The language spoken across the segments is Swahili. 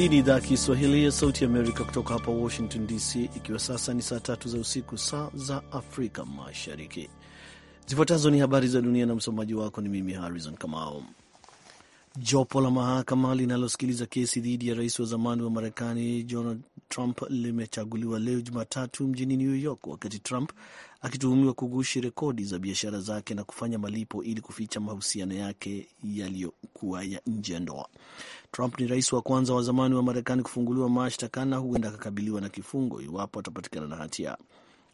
Hii ni idhaa ya Kiswahili ya Sauti Amerika kutoka hapa Washington DC, ikiwa sasa ni saa tatu za usiku, saa za Afrika Mashariki. Zifuatazo ni habari za dunia na msomaji wako ni mimi Harrison kamau Jopo la mahakama linalosikiliza kesi dhidi ya rais wa zamani wa Marekani Donald Trump limechaguliwa leo Jumatatu mjini New York, wakati Trump akituhumiwa kugushi rekodi za biashara zake na kufanya malipo ili kuficha mahusiano yake yaliyokuwa ya nje ya ndoa. Trump ni rais wa kwanza wa zamani wa Marekani kufunguliwa mashtaka na huenda akakabiliwa na kifungo iwapo atapatikana na hatia.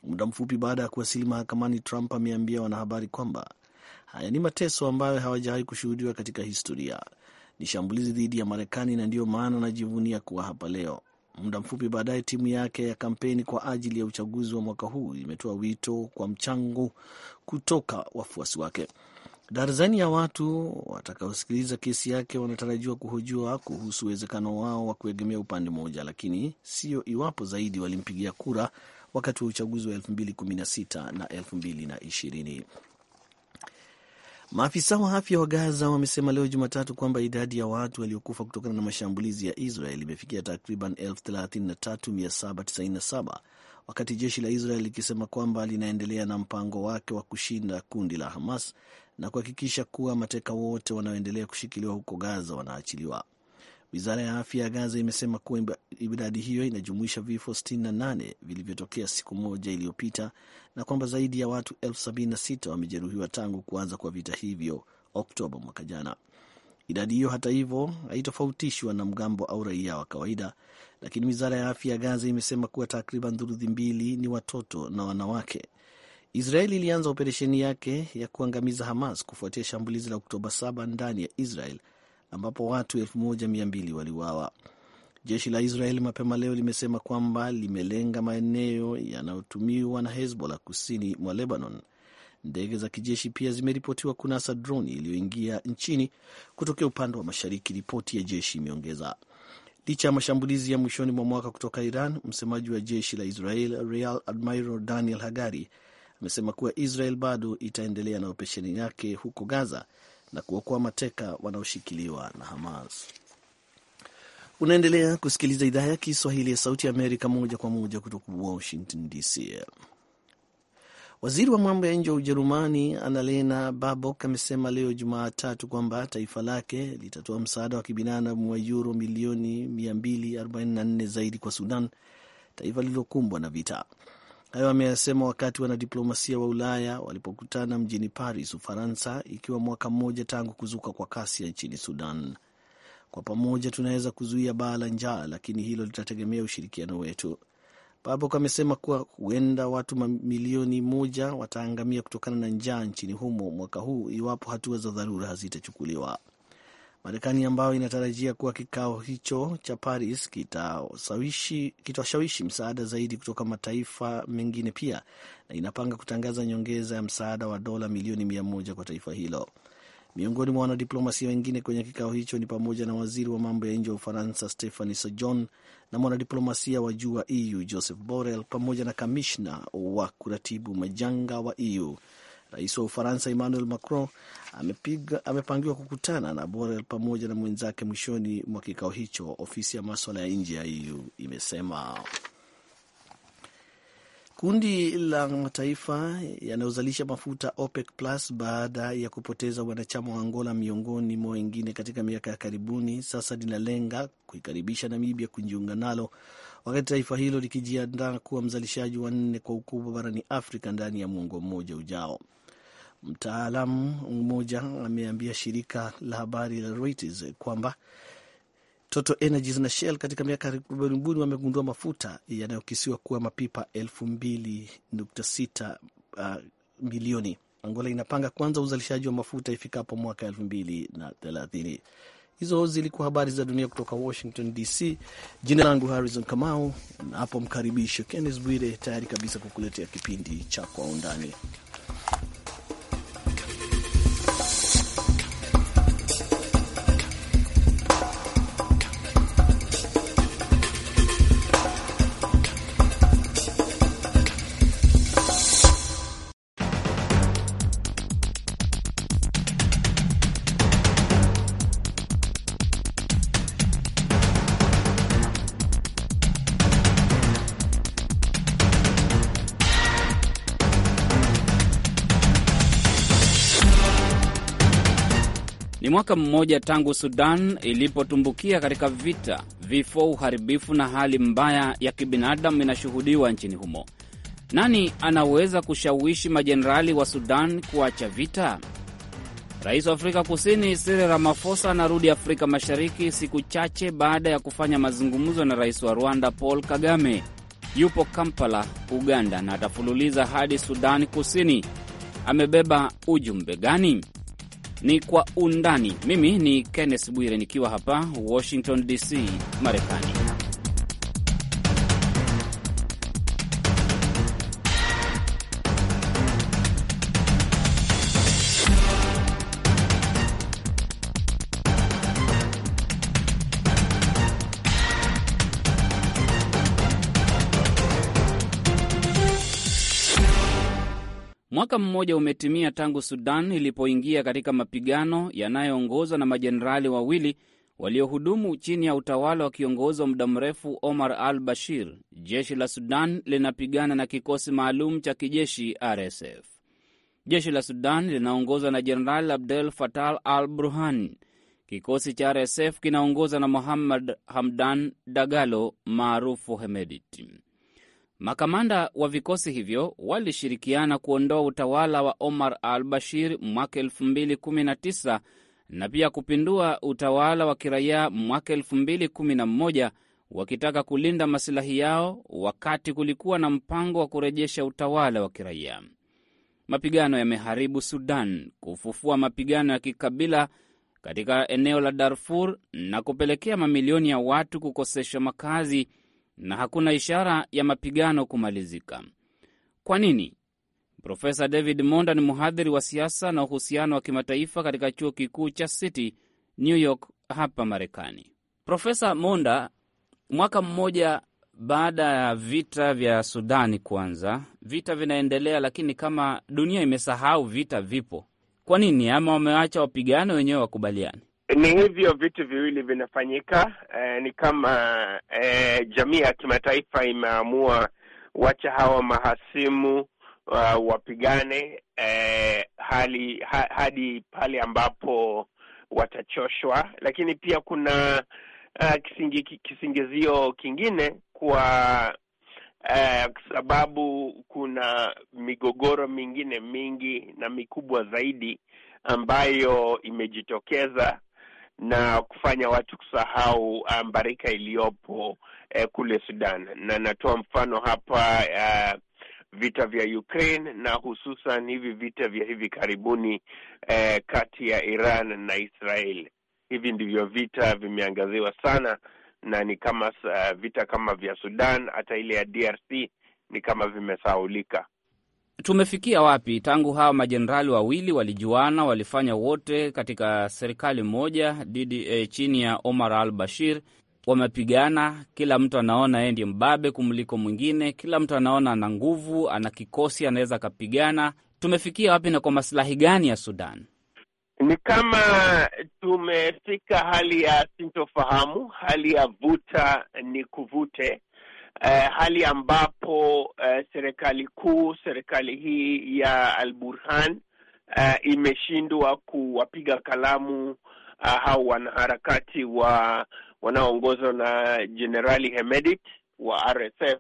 Muda mfupi baada ya kuwasili mahakamani, Trump ameambia wanahabari kwamba haya ni mateso ambayo hawajawahi kushuhudiwa katika historia. Ni shambulizi dhidi ya Marekani na ndiyo maana najivunia kuwa hapa leo. Muda mfupi baadaye, timu yake ya kampeni kwa ajili ya uchaguzi wa mwaka huu imetoa wito kwa mchango kutoka wafuasi wake. Darzani ya watu watakaosikiliza kesi yake wanatarajiwa kuhojiwa kuhusu uwezekano wao wa kuegemea upande mmoja, lakini sio iwapo zaidi walimpigia kura wakati wa uchaguzi wa 2016 na 2020. Maafisa wa afya wa Gaza wamesema leo Jumatatu kwamba idadi ya watu waliokufa kutokana na mashambulizi ya Israel imefikia takriban 33797 wakati jeshi la Israel likisema kwamba linaendelea na mpango wake wa kushinda kundi la Hamas na kuhakikisha kuwa mateka wote wanaoendelea kushikiliwa huko Gaza wanaachiliwa. Wizara ya afya ya Gaza imesema kuwa idadi hiyo inajumuisha vifo 68 vilivyotokea siku moja iliyopita na kwamba zaidi ya watu 76 wamejeruhiwa tangu kuanza kwa vita hivyo Oktoba mwaka jana. Idadi hiyo hata hivyo na mgambo au raia wa kawaida, lakini wizara ya afya ya Gaza imesema kuwa takriban thuluthi mbili ni watoto na wanawake. Israeli ilianza operesheni yake ya kuangamiza Hamas kufuatia shambulizi la Oktoba 7 ndani ya Israel ambapo watu 1200 waliuawa. Jeshi la israel mapema leo limesema kwamba limelenga maeneo yanayotumiwa na Hezbollah kusini mwa Lebanon. Ndege za kijeshi pia zimeripotiwa kunasa droni iliyoingia nchini kutokea upande wa mashariki, ripoti ya jeshi imeongeza. Licha ya mashambulizi ya mwishoni mwa mwaka kutoka Iran, msemaji wa jeshi la Israel Real Admiral Daniel Hagari amesema kuwa Israel bado itaendelea na operesheni yake huko Gaza na kuokoa mateka wanaoshikiliwa na Hamas. Unaendelea kusikiliza idhaa ya Kiswahili ya Sauti ya Amerika moja kwa moja kutoka Washington DC. Waziri wa mambo ya nje wa Ujerumani Annalena Baerbock amesema leo Jumatatu kwamba taifa lake litatoa msaada wa kibinadamu wa yuro milioni 244 zaidi kwa Sudan, taifa lililokumbwa na vita. Hayo ameyasema wakati wanadiplomasia wa Ulaya walipokutana mjini Paris, Ufaransa, ikiwa mwaka mmoja tangu kuzuka kwa kasia nchini Sudan. Kwa pamoja tunaweza kuzuia baa la njaa, lakini hilo litategemea ushirikiano wetu. Babok amesema kuwa huenda watu milioni moja wataangamia kutokana na njaa nchini humo mwaka huu iwapo hatua za dharura hazitachukuliwa. Marekani ambayo inatarajia kuwa kikao hicho cha Paris kitashawishi kita msaada zaidi kutoka mataifa mengine pia, na inapanga kutangaza nyongeza ya msaada wa dola milioni mia moja kwa taifa hilo. Miongoni mwa wanadiplomasia wengine kwenye kikao hicho ni pamoja na waziri wa mambo ya nje wa Ufaransa Stephanie sjon na mwanadiplomasia wa juu wa EU Joseph Borrell pamoja na kamishna wa kuratibu majanga wa EU Rais wa Ufaransa Emmanuel Macron amepiga, amepangiwa kukutana na Borrell pamoja na mwenzake mwishoni mwa kikao hicho, ofisi ya maswala ya nje ya EU imesema. Kundi la mataifa yanayozalisha mafuta OPEC Plus baada ya kupoteza wanachama wa Angola miongoni mwa wengine katika miaka ya karibuni, sasa linalenga kuikaribisha Namibia kujiunga nalo, wakati taifa hilo likijiandaa kuwa mzalishaji wa nne kwa ukubwa barani Afrika ndani ya mwongo mmoja ujao. Mtaalamu mmoja ameambia shirika la habari la Reuters kwamba toto Energies na Shell katika miaka karibuni wamegundua mafuta yanayokisiwa kuwa mapipa 2.6 uh, milioni. Angola inapanga kuanza uzalishaji wa mafuta ifikapo mwaka 2030. Hizo zilikuwa habari za dunia kutoka Washington DC. Jina langu Harrison Kamau, na hapo Kennes Bwire tayari kabisa kukuletea kipindi cha Kwa Undani. mwaka mmoja tangu Sudan ilipotumbukia katika vita, vifo, uharibifu na hali mbaya ya kibinadamu inashuhudiwa nchini humo. Nani anaweza kushawishi majenerali wa Sudan kuacha vita? Rais wa Afrika Kusini Cyril Ramaphosa anarudi Afrika Mashariki siku chache baada ya kufanya mazungumzo na rais wa Rwanda Paul Kagame. Yupo Kampala, Uganda, na atafululiza hadi sudan Kusini. Amebeba ujumbe gani? ni Kwa Undani. Mimi ni Kenneth Bwire nikiwa hapa Washington DC, Marekani. Mwaka mmoja umetimia tangu Sudan ilipoingia katika mapigano yanayoongozwa na majenerali wawili waliohudumu chini ya utawala wa kiongozi wa muda mrefu Omar al Bashir. Jeshi la Sudan linapigana na kikosi maalum cha kijeshi RSF. Jeshi la Sudan linaongozwa na Jenerali Abdel fatal al Burhan. Kikosi cha RSF kinaongozwa na Muhammad Hamdan Dagalo maarufu Hemedti. Makamanda wa vikosi hivyo walishirikiana kuondoa utawala wa Omar al Bashir mwaka 2019 na pia kupindua utawala wa kiraia mwaka 2011 wakitaka kulinda masilahi yao, wakati kulikuwa na mpango wa kurejesha utawala wa kiraia. Mapigano yameharibu Sudan, kufufua mapigano ya kikabila katika eneo la Darfur na kupelekea mamilioni ya watu kukosesha makazi na hakuna ishara ya mapigano kumalizika. Kwa nini? Profesa David Monda ni mhadhiri wa siasa na uhusiano wa kimataifa katika chuo kikuu cha City New York hapa Marekani. Profesa Monda, mwaka mmoja baada ya vita vya Sudani kuanza, vita vinaendelea, lakini kama dunia imesahau vita vipo. Kwa nini? Ama wamewacha wapigano wenyewe wakubaliane? Ni hivyo vitu viwili vinafanyika. Eh, ni kama eh, jamii ya kimataifa imeamua wacha hawa mahasimu uh, wapigane eh, hali ha, hadi pale ambapo watachoshwa, lakini pia kuna uh, kisingi, kisingizio kingine kwa uh, sababu kuna migogoro mingine mingi na mikubwa zaidi ambayo imejitokeza na kufanya watu kusahau uh, mbarika iliyopo eh, kule Sudan, na natoa mfano hapa eh, vita vya Ukraine na hususan hivi vita vya hivi karibuni eh, kati ya Iran na Israel. Hivi ndivyo vita vimeangaziwa sana, na ni kama uh, vita kama vya Sudan, hata ile ya DRC ni kama vimesaulika tumefikia wapi tangu hawa majenerali wawili walijuana, walifanya wote katika serikali moja dhidi eh, chini ya Omar al Bashir wamepigana, kila mtu anaona yeye ndiye mbabe kumliko mwingine, kila mtu anaona ana nguvu, ana kikosi, anaweza akapigana. Tumefikia wapi na kwa masilahi gani ya Sudan? Ni kama tumefika hali ya sintofahamu, hali ya vuta ni kuvute eh, hali ambapo eh, serikali kuu, serikali hii ya Al-Burhan eh, imeshindwa kuwapiga kalamu ah, hao wanaharakati wa wanaoongozwa na Jenerali Hemedit wa RSF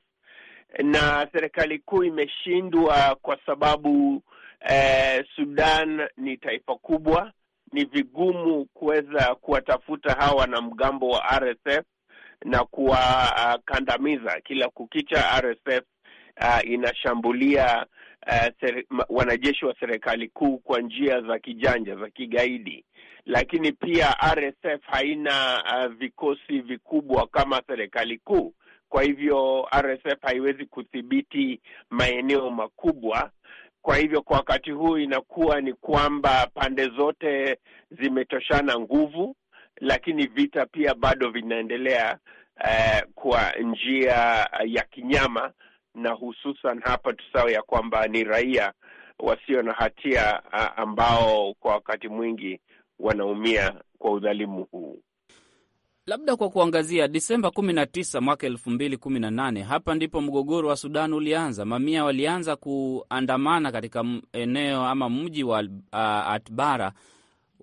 na serikali kuu imeshindwa kwa sababu eh, Sudan ni taifa kubwa, ni vigumu kuweza kuwatafuta hawa mgambo wa RSF na kuwakandamiza. Kila kukicha RSF uh, inashambulia uh, wanajeshi wa serikali kuu kwa njia za kijanja za kigaidi, lakini pia RSF haina uh, vikosi vikubwa kama serikali kuu. Kwa hivyo RSF haiwezi kudhibiti maeneo makubwa. Kwa hivyo kwa wakati huu inakuwa ni kwamba pande zote zimetoshana nguvu lakini vita pia bado vinaendelea uh, kwa njia eh, ya kinyama, na hususan hapa tusao ya kwamba ni raia wasio na hatia ambao kwa wakati mwingi wanaumia kwa udhalimu huu. Labda kwa kuangazia Disemba 19 mwaka nane hapa ndipo mgogoro wa Sudan ulianza. Mamia walianza kuandamana katika eneo ama mji wa Atbara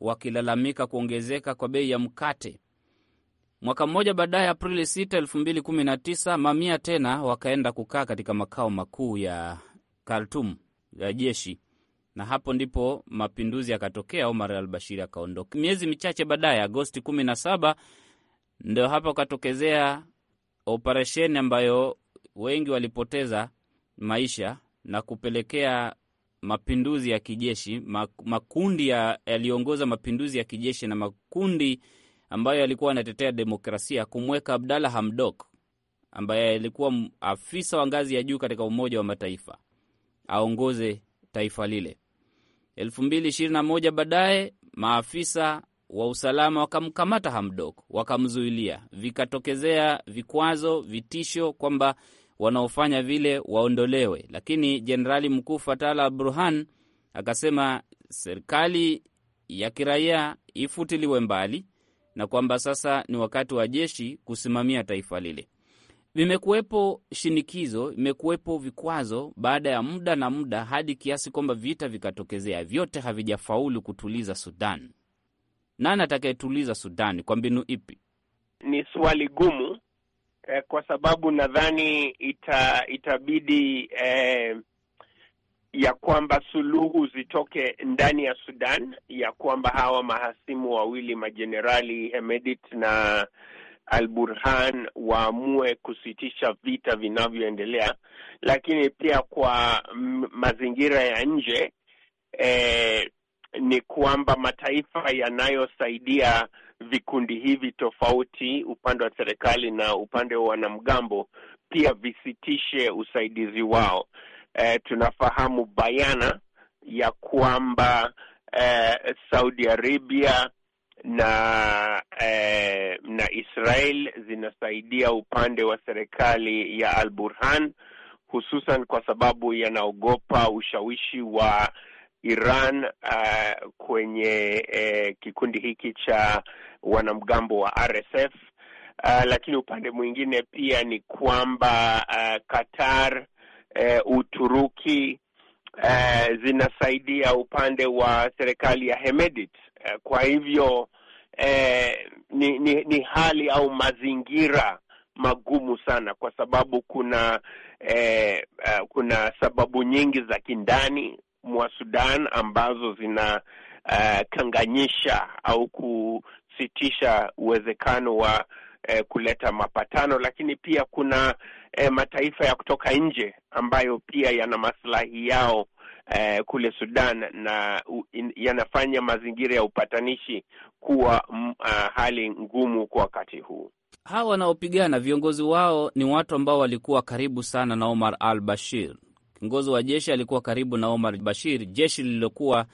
wakilalamika kuongezeka kwa bei ya mkate. Mwaka mmoja baadaye, Aprili 6, 2019, mamia tena wakaenda kukaa katika makao makuu ya kartum ya jeshi, na hapo ndipo mapinduzi yakatokea. Omar al Bashir akaondoka. Miezi michache baadaye, Agosti 17, ndio hapo ukatokezea operesheni ambayo wengi walipoteza maisha na kupelekea mapinduzi ya kijeshi, makundi yaliyoongoza mapinduzi ya kijeshi na makundi ambayo yalikuwa yanatetea demokrasia kumweka Abdalla Hamdok ambaye alikuwa afisa wa ngazi ya juu katika Umoja wa Mataifa aongoze taifa lile. elfu mbili ishirini na moja baadaye maafisa wa usalama wakamkamata Hamdok, wakamzuilia, vikatokezea vikwazo, vitisho kwamba wanaofanya vile waondolewe. Lakini Jenerali Mkuu Fatala Burhan akasema serikali ya kiraia ifutiliwe mbali na kwamba sasa ni wakati wa jeshi kusimamia taifa lile. Vimekuwepo shinikizo, vimekuwepo vikwazo baada ya muda na muda, hadi kiasi kwamba vita vikatokezea. Vyote havijafaulu kutuliza Sudan. Nani atakayetuliza Sudani? Kwa mbinu ipi? Ni swali gumu, eh, kwa sababu nadhani ita, itabidi eh, ya kwamba suluhu zitoke ndani ya Sudan, ya kwamba hawa mahasimu wawili majenerali Hemedit na Al Burhan waamue kusitisha vita vinavyoendelea, lakini pia kwa mazingira ya nje eh, ni kwamba mataifa yanayosaidia vikundi hivi tofauti, upande wa serikali na upande wa wanamgambo, pia visitishe usaidizi wao. E, tunafahamu bayana ya kwamba e, Saudi Arabia na e, na Israel zinasaidia upande wa serikali ya Al Burhan, hususan kwa sababu yanaogopa ushawishi wa Iran uh, kwenye uh, kikundi hiki cha wanamgambo wa RSF uh, lakini upande mwingine pia ni kwamba uh, Qatar uh, Uturuki uh, zinasaidia upande wa serikali ya Hemedit uh, kwa hivyo uh, ni, ni ni hali au mazingira magumu sana kwa sababu kuna eh, uh, kuna sababu nyingi za kindani mwa Sudan ambazo zinakanganyisha eh, uh, au kusitisha uwezekano wa uh, kuleta mapatano, lakini pia kuna uh, mataifa ya kutoka nje ambayo pia yana maslahi yao uh, kule Sudan na uh, yanafanya mazingira ya upatanishi kuwa uh, hali ngumu kwa wakati huu. Hawa wanaopigana viongozi wao ni watu ambao walikuwa karibu sana na Omar al-Bashir. Kiongozi wa jeshi alikuwa karibu na Omar Bashir, jeshi lililokuwa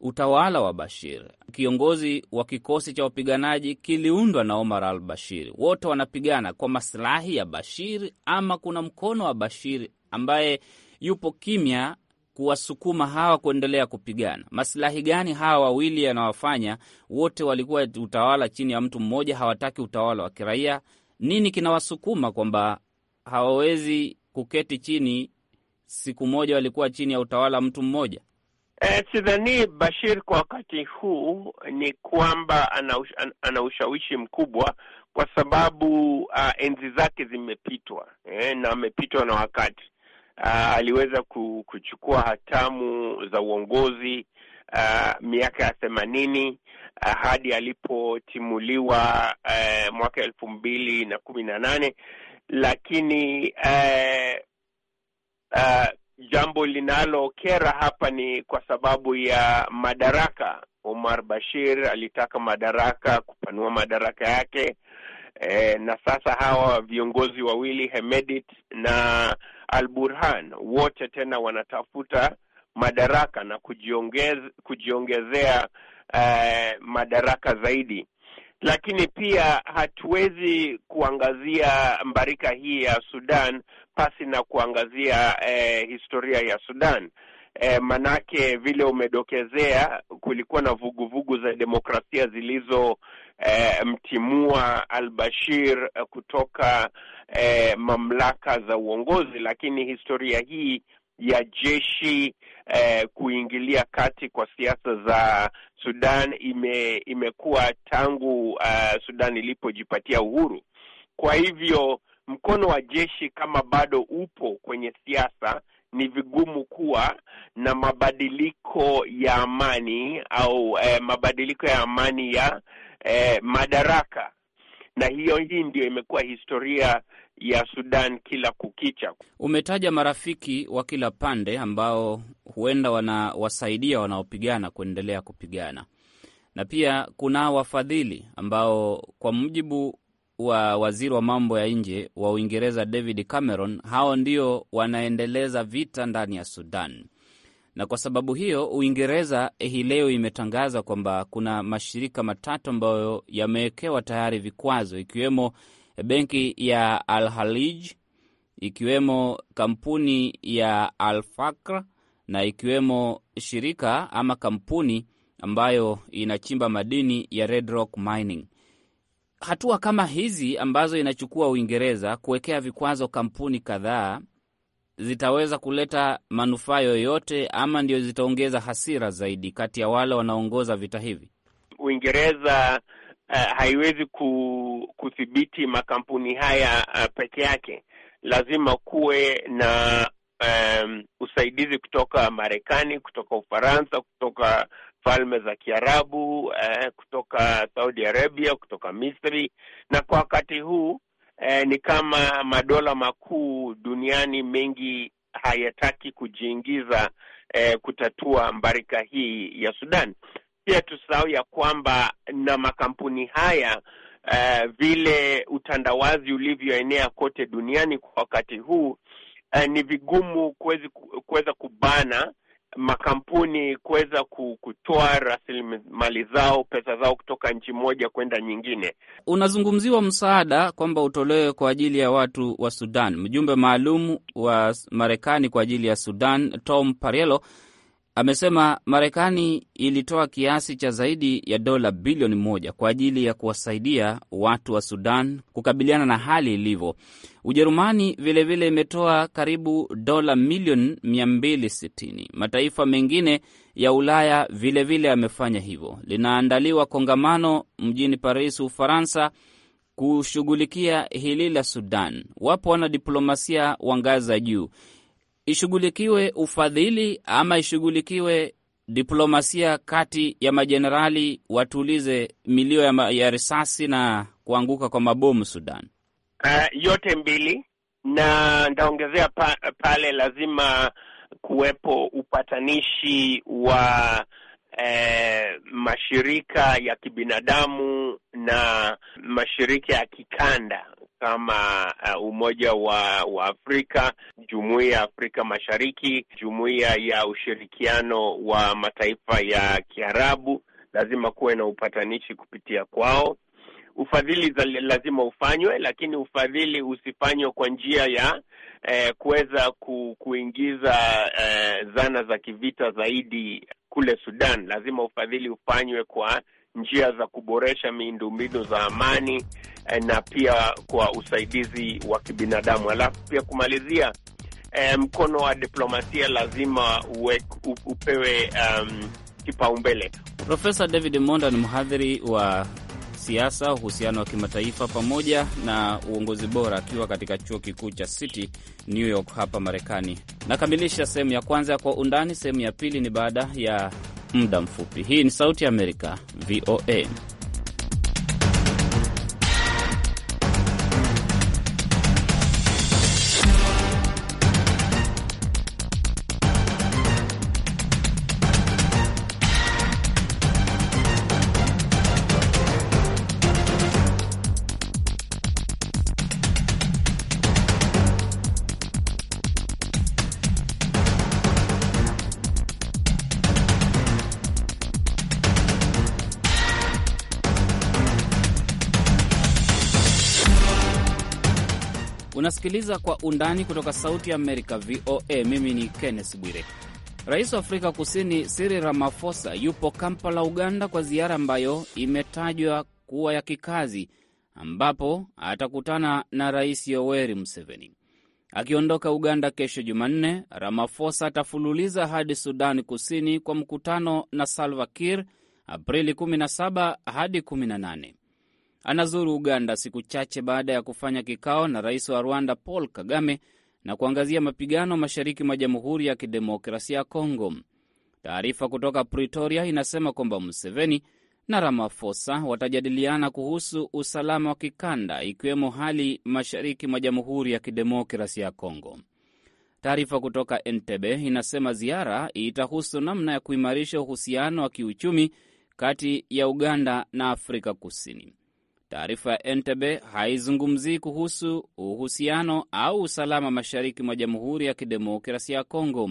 utawala wa Bashir. Kiongozi wa kikosi cha wapiganaji kiliundwa na Omar al Bashir. Wote wanapigana kwa masilahi ya Bashir, ama kuna mkono wa Bashir ambaye yupo kimya kuwasukuma hawa kuendelea kupigana. masilahi gani hawa wawili yanawafanya? Wote walikuwa utawala chini ya mtu mmoja, hawataki utawala wa kiraia. Nini kinawasukuma kwamba hawawezi kuketi chini siku moja walikuwa chini ya utawala mtu mmoja? E, sidhani Bashir kwa wakati huu ni kwamba ana, ana ushawishi mkubwa kwa sababu uh, enzi zake zimepitwa eh, na amepitwa na wakati uh, aliweza kuchukua hatamu za uongozi uh, miaka ya themanini uh, hadi alipotimuliwa uh, mwaka elfu mbili na kumi na nane lakini uh, uh, jambo linalokera hapa ni kwa sababu ya madaraka. Omar Bashir alitaka madaraka, kupanua madaraka yake e, na sasa hawa viongozi wawili Hemedit na Al Burhan wote tena wanatafuta madaraka na kujiongeze, kujiongezea eh, madaraka zaidi lakini pia hatuwezi kuangazia mbarika hii ya Sudan pasi na kuangazia eh, historia ya Sudan. Eh, manake vile umedokezea, kulikuwa na vuguvugu vugu za demokrasia zilizo eh, mtimua al-Bashir kutoka eh, mamlaka za uongozi, lakini historia hii ya jeshi eh, kuingilia kati kwa siasa za Sudan ime, imekuwa tangu uh, Sudan ilipojipatia uhuru. Kwa hivyo mkono wa jeshi kama bado upo kwenye siasa, ni vigumu kuwa na mabadiliko ya amani au eh, mabadiliko ya amani ya eh, madaraka na hiyo hii ndio imekuwa historia ya Sudan kila kukicha. Umetaja marafiki wa kila pande ambao huenda wanawasaidia wanaopigana kuendelea kupigana, na pia kuna wafadhili ambao kwa mujibu wa waziri wa mambo ya nje wa Uingereza David Cameron, hao ndio wanaendeleza vita ndani ya Sudan. Na kwa sababu hiyo Uingereza hii leo imetangaza kwamba kuna mashirika matatu ambayo yamewekewa tayari vikwazo ikiwemo benki ya Al Halij ikiwemo kampuni ya Al Fakr na ikiwemo shirika ama kampuni ambayo inachimba madini ya Red Rock Mining. Hatua kama hizi ambazo inachukua Uingereza kuwekea vikwazo kampuni kadhaa zitaweza kuleta manufaa yoyote ama ndio zitaongeza hasira zaidi kati ya wale wanaongoza vita hivi? Uingereza uh, haiwezi kudhibiti makampuni haya uh, peke yake. Lazima kuwe na um, usaidizi kutoka Marekani, kutoka Ufaransa, kutoka Falme za Kiarabu, uh, kutoka Saudi Arabia, kutoka Misri, na kwa wakati huu Eh, ni kama madola makuu duniani mengi hayataki kujiingiza eh, kutatua mbarika hii ya Sudan. Pia tusahau ya kwamba na makampuni haya uh, vile utandawazi ulivyoenea kote duniani kwa wakati huu uh, ni vigumu kuweza kubana makampuni kuweza kutoa rasilimali zao pesa zao kutoka nchi moja kwenda nyingine. Unazungumziwa msaada kwamba utolewe kwa ajili ya watu wa Sudan. Mjumbe maalum wa Marekani kwa ajili ya Sudan Tom parelo Amesema Marekani ilitoa kiasi cha zaidi ya dola bilioni moja kwa ajili ya kuwasaidia watu wa Sudan kukabiliana na hali ilivyo. Ujerumani vilevile imetoa vile karibu dola milioni 260. Mataifa mengine ya Ulaya vilevile yamefanya vile hivyo. Linaandaliwa kongamano mjini Paris, Ufaransa, kushughulikia hili la Sudan. Wapo wanadiplomasia wa ngazi za juu ishughulikiwe ufadhili ama ishughulikiwe diplomasia kati ya majenerali watulize milio ya, ma, ya risasi na kuanguka kwa mabomu Sudan? Uh, yote mbili, na ntaongezea pa, pale lazima kuwepo upatanishi wa eh, mashirika ya kibinadamu na mashirika ya kikanda kama uh, Umoja wa, wa Afrika, Jumuiya ya Afrika Mashariki, Jumuiya ya Ushirikiano wa Mataifa ya Kiarabu, lazima kuwe na upatanishi kupitia kwao. Ufadhili za lazima ufanywe, lakini ufadhili usifanywe kwa njia ya eh, kuweza ku, kuingiza eh, zana za kivita zaidi kule Sudan. Lazima ufadhili ufanywe kwa njia za kuboresha miundombinu za amani eh, na pia kwa usaidizi wa kibinadamu. Alafu pia kumalizia, eh, mkono wa diplomasia lazima uwe, upewe um, kipaumbele. Profesa David Monda ni mhadhiri wa siasa, uhusiano wa kimataifa pamoja na uongozi bora, akiwa katika chuo kikuu cha City New York hapa Marekani. Nakamilisha sehemu ya kwanza ya Kwa Undani. Sehemu ya pili ni baada ya muda mfupi. Hii ni Sauti ya Amerika, VOA. Unasikiliza Kwa Undani kutoka Sauti ya Amerika, VOA. Mimi ni Kenneth Bwire. Rais wa Afrika Kusini Cyril Ramaphosa yupo Kampala, Uganda, kwa ziara ambayo imetajwa kuwa ya kikazi, ambapo atakutana na Rais Yoweri Museveni. Akiondoka Uganda kesho Jumanne, Ramaphosa atafululiza hadi Sudani Kusini kwa mkutano na Salva Kiir Aprili 17 hadi 18 anazuru Uganda siku chache baada ya kufanya kikao na rais wa Rwanda Paul Kagame na kuangazia mapigano mashariki mwa Jamhuri ya Kidemokrasia ya Kongo. Taarifa kutoka Pretoria inasema kwamba Museveni na Ramaphosa watajadiliana kuhusu usalama wa kikanda ikiwemo hali mashariki mwa Jamhuri ya Kidemokrasia ya Kongo. Taarifa kutoka Entebbe inasema ziara itahusu namna ya kuimarisha uhusiano wa kiuchumi kati ya Uganda na Afrika Kusini. Taarifa ya Entebbe haizungumzii kuhusu uhusiano au usalama mashariki mwa Jamhuri ya Kidemokrasia ya Kongo.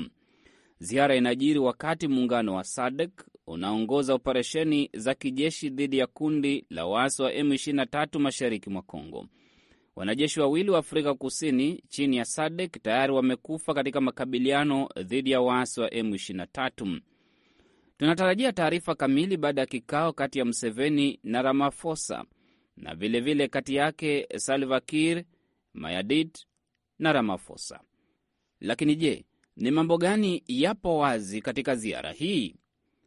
Ziara inajiri wakati muungano wa SADC unaongoza operesheni za kijeshi dhidi ya kundi la waasi wa M23 mashariki mwa Kongo. Wanajeshi wawili wa Afrika Kusini chini ya SADC tayari wamekufa katika makabiliano dhidi ya waasi wa M23. Tunatarajia taarifa kamili baada ya kikao kati ya Mseveni na ramafosa na vilevile vile kati yake Salva Kiir, Mayardit na Ramaphosa. Lakini je, ni mambo gani yapo wazi katika ziara hii?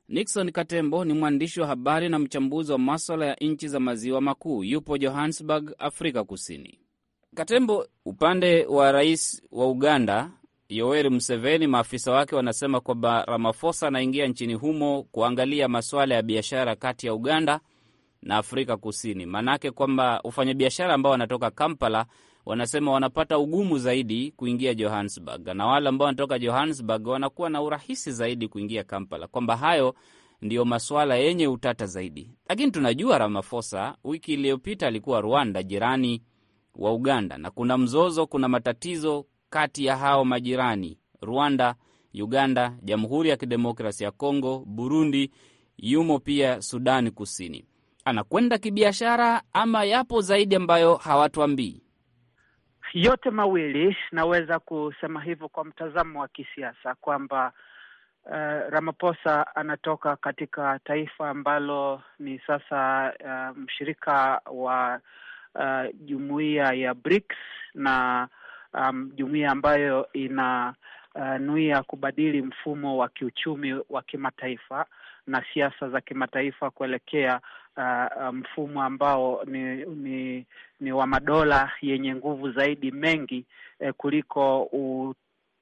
Nixon Katembo ni mwandishi wa habari na mchambuzi wa maswala ya nchi za maziwa makuu, yupo Johannesburg, Afrika Kusini. Katembo, upande wa rais wa Uganda Yoweri Museveni, maafisa wake wanasema kwamba Ramaphosa anaingia nchini humo kuangalia masuala ya biashara kati ya Uganda na Afrika Kusini. Maanake kwamba wafanyabiashara ambao wanatoka Kampala wanasema wanapata ugumu zaidi kuingia Johannesburg, na wale ambao wanatoka Johannesburg wanakuwa na urahisi zaidi kuingia Kampala, kwamba hayo ndiyo maswala yenye utata zaidi. Lakini tunajua Ramafosa wiki iliyopita alikuwa Rwanda, jirani wa Uganda, na kuna mzozo, kuna matatizo kati ya hao majirani Rwanda, Uganda, Jamhuri ya kidemokrasi ya Kongo, Burundi, yumo pia Sudani Kusini anakwenda kibiashara ama yapo zaidi ambayo hawatuambii? Yote mawili naweza kusema hivyo kwa mtazamo wa kisiasa kwamba uh, Ramaphosa anatoka katika taifa ambalo ni sasa uh, mshirika wa uh, jumuiya ya BRICS na um, jumuiya ambayo inanuia uh, kubadili mfumo wa kiuchumi wa kimataifa na siasa za kimataifa kuelekea uh, uh, mfumo ambao ni, ni, ni wa madola yenye nguvu zaidi mengi eh, kuliko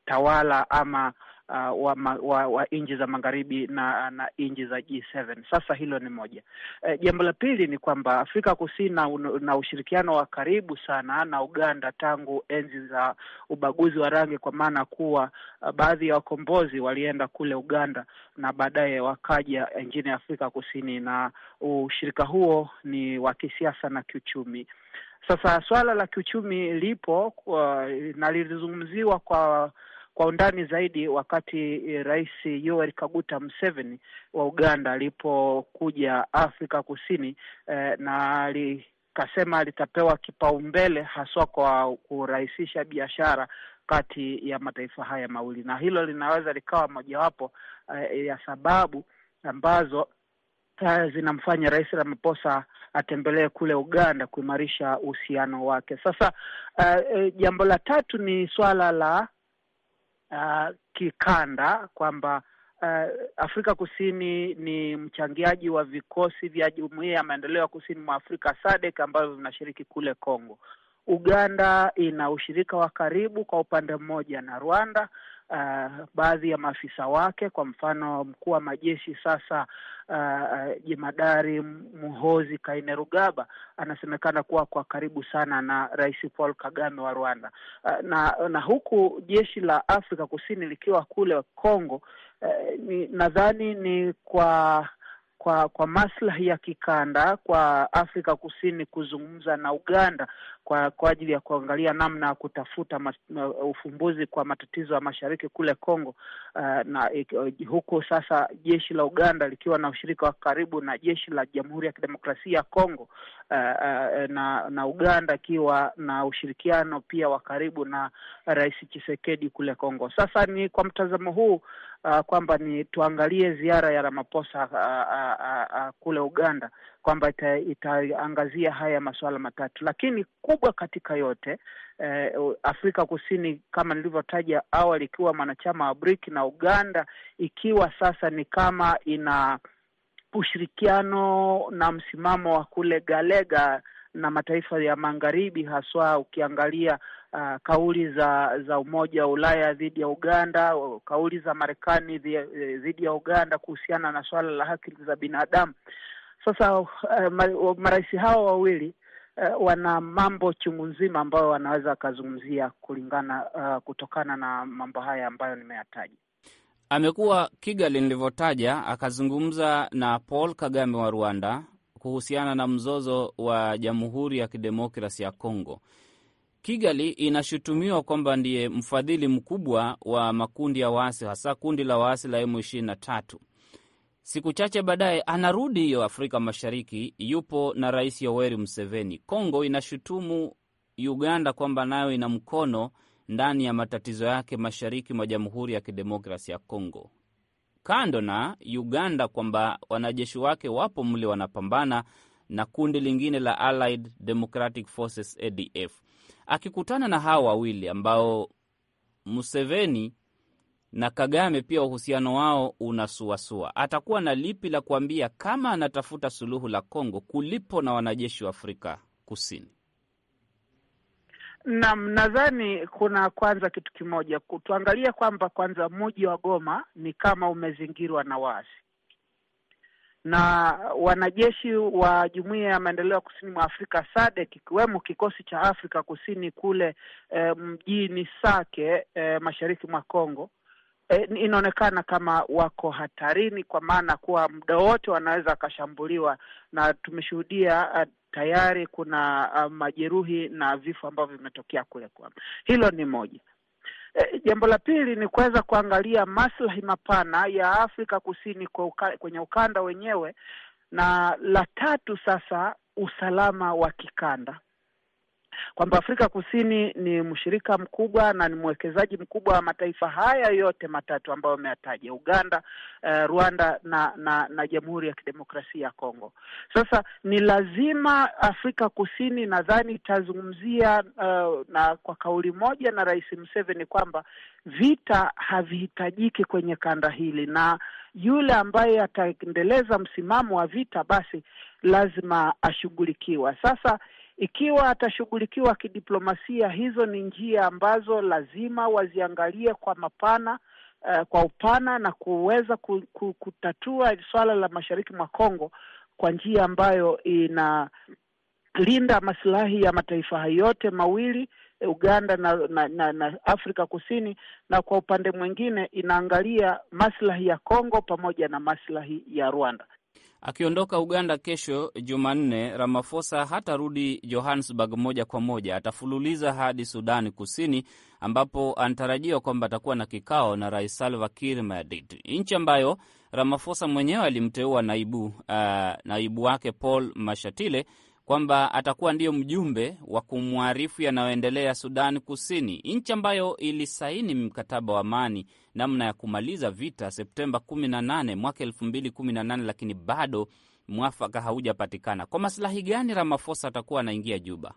utawala ama uh, wa, wa, wa nchi za magharibi na na nchi za G7. Sasa hilo ni moja. E, jambo la pili ni kwamba Afrika Kusini na ushirikiano wa karibu sana na Uganda tangu enzi za ubaguzi wa rangi, kwa maana kuwa uh, baadhi ya wakombozi walienda kule Uganda na baadaye wakaja nchini Afrika Kusini, na ushirika huo ni wa kisiasa na kiuchumi. Sasa swala la kiuchumi lipo uh, na lilizungumziwa kwa kwa undani zaidi wakati eh, Rais Yoweri Kaguta Museveni wa Uganda alipokuja Afrika Kusini eh, na kasema litapewa kipaumbele haswa kwa kurahisisha biashara kati ya mataifa haya mawili, na hilo linaweza likawa mojawapo uh, ya sababu ambazo eh, zinamfanya Rais Ramaphosa atembelee kule Uganda kuimarisha uhusiano wake. Sasa uh, jambo la tatu ni swala la uh, kikanda kwamba uh, Afrika Kusini ni mchangiaji wa vikosi vya Jumuiya ya Maendeleo ya Kusini mwa Afrika SADC ambavyo vinashiriki kule congo Uganda ina ushirika wa karibu kwa upande mmoja na Rwanda uh, baadhi ya maafisa wake, kwa mfano mkuu wa majeshi sasa uh, uh, jemadari uh, Muhozi Kainerugaba anasemekana kuwa kwa karibu sana na Rais Paul Kagame wa Rwanda uh, na, na huku jeshi la Afrika Kusini likiwa kule Kongo uh, nadhani ni kwa kwa kwa maslahi ya kikanda kwa Afrika Kusini kuzungumza na Uganda kwa kwa ajili ya kuangalia namna ya kutafuta mas, ufumbuzi kwa matatizo ya mashariki kule Kongo. Uh, na uh, eh, huku sasa jeshi la Uganda likiwa na ushirika wa karibu na jeshi la Jamhuri ya Kidemokrasia ya Kongo, uh, uh, na na Uganda ikiwa na ushirikiano pia wa karibu na Rais Tshisekedi kule Kongo. Sasa ni kwa mtazamo huu uh, kwamba ni tuangalie ziara ya Ramaphosa uh, uh, uh, uh, kule Uganda kwamba itaangazia ita haya masuala matatu, lakini kubwa katika yote eh, Afrika Kusini kama nilivyotaja awali ikiwa mwanachama wa BRIC na Uganda ikiwa sasa ni kama ina ushirikiano na msimamo wa kulegalega na mataifa ya magharibi, haswa ukiangalia uh, kauli za za Umoja wa Ulaya dhidi ya Uganda, kauli za Marekani eh, dhidi ya Uganda kuhusiana na suala la haki za binadamu. Sasa uh, marais hao wawili uh, wana mambo chungu nzima ambayo wanaweza wakazungumzia kulingana uh, kutokana na mambo haya ambayo nimeyataja. Amekuwa Kigali nilivyotaja, akazungumza na Paul Kagame wa Rwanda kuhusiana na mzozo wa Jamhuri ya Kidemokrasi ya Kongo. Kigali inashutumiwa kwamba ndiye mfadhili mkubwa wa makundi ya waasi, hasa kundi la waasi la M23. Siku chache baadaye anarudi hiyo Afrika Mashariki, yupo na Rais Yoweri Museveni. Kongo inashutumu Uganda kwamba nayo ina mkono ndani ya matatizo yake mashariki mwa Jamhuri ya Kidemokrasi ya Kongo, kando na Uganda kwamba wanajeshi wake wapo mle wanapambana na kundi lingine la Allied Democratic Forces ADF akikutana na hawa wawili ambao Museveni na Kagame pia uhusiano wao unasuasua, atakuwa na lipi la kuambia kama anatafuta suluhu la Kongo kulipo na wanajeshi wa Afrika Kusini? Naam, nadhani kuna kwanza kitu kimoja, tuangalie kwamba kwanza mji wa Goma ni kama umezingirwa na waasi na wanajeshi wa Jumuiya ya Maendeleo ya Kusini mwa Afrika SADC ikiwemo kikosi cha Afrika Kusini kule e, mjini Sake e, mashariki mwa congo e, eh, inaonekana kama wako hatarini, kwa maana kuwa muda wote wanaweza wakashambuliwa, na tumeshuhudia ah, tayari kuna ah, majeruhi na vifo ambavyo vimetokea kule kwa. Hilo ni moja. Eh, jambo la pili ni kuweza kuangalia maslahi mapana ya Afrika Kusini kwa uka, kwenye ukanda wenyewe, na la tatu sasa usalama wa kikanda kwamba Afrika Kusini ni mshirika mkubwa na ni mwekezaji mkubwa wa mataifa haya yote matatu ambayo ameyataja: Uganda, uh, Rwanda na na, na Jamhuri ya Kidemokrasia ya Kongo. Sasa ni lazima Afrika Kusini nadhani itazungumzia uh, na kwa kauli moja na Rais Museveni kwamba vita havihitajiki kwenye kanda hili na yule ambaye ataendeleza msimamo wa vita basi lazima ashughulikiwa. Sasa ikiwa atashughulikiwa kidiplomasia, hizo ni njia ambazo lazima waziangalie kwa mapana uh, kwa upana na kuweza ku, ku, kutatua swala la mashariki mwa Kongo kwa njia ambayo inalinda masilahi ya mataifa hayo yote mawili eh, Uganda na, na, na, na Afrika Kusini, na kwa upande mwingine inaangalia maslahi ya Kongo pamoja na maslahi ya Rwanda. Akiondoka Uganda kesho Jumanne, Ramafosa hatarudi Johannesburg moja kwa moja, atafululiza hadi Sudani Kusini, ambapo anatarajiwa kwamba atakuwa na kikao na Rais Salva Kiir Mayardit, nchi ambayo ramafosa mwenyewe alimteua naibu, uh, naibu wake Paul Mashatile kwamba atakuwa ndiyo mjumbe wa kumwarifu yanayoendelea Sudani Kusini, nchi ambayo ilisaini mkataba wa amani namna ya kumaliza vita Septemba 18 mwaka 2018, lakini bado mwafaka haujapatikana. Kwa masilahi gani ramafosa atakuwa anaingia Juba?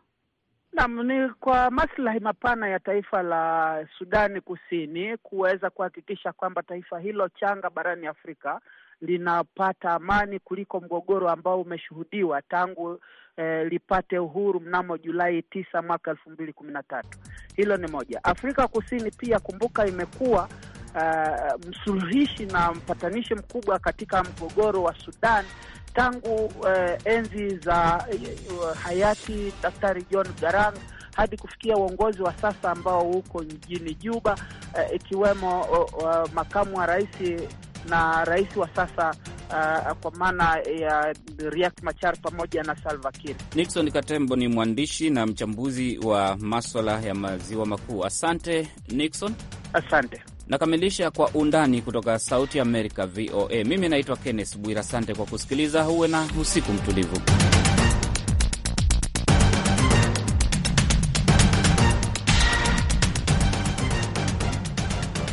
Naam, ni kwa maslahi mapana ya taifa la Sudani Kusini kuweza kuhakikisha kwamba taifa hilo changa barani Afrika linapata amani kuliko mgogoro ambao umeshuhudiwa tangu eh, lipate uhuru mnamo Julai tisa mwaka elfu mbili kumi na tatu. Hilo ni moja. Afrika Kusini pia kumbuka, imekuwa uh, msuluhishi na mpatanishi mkubwa katika mgogoro wa Sudan tangu uh, enzi za uh, hayati Daktari John Garang hadi kufikia uongozi wa sasa ambao uko mjini Juba, uh, ikiwemo uh, uh, makamu wa rais na rais wa sasa uh, kwa maana ya uh, Riek Machar pamoja na Salva Kiir. Nixon Katembo ni mwandishi na mchambuzi wa maswala ya maziwa makuu. Asante Nixon. Asante. Nakamilisha kwa undani kutoka Sauti ya Amerika, VOA. Mimi naitwa Kenneth Bwira, asante kwa kusikiliza. Huwe na usiku mtulivu.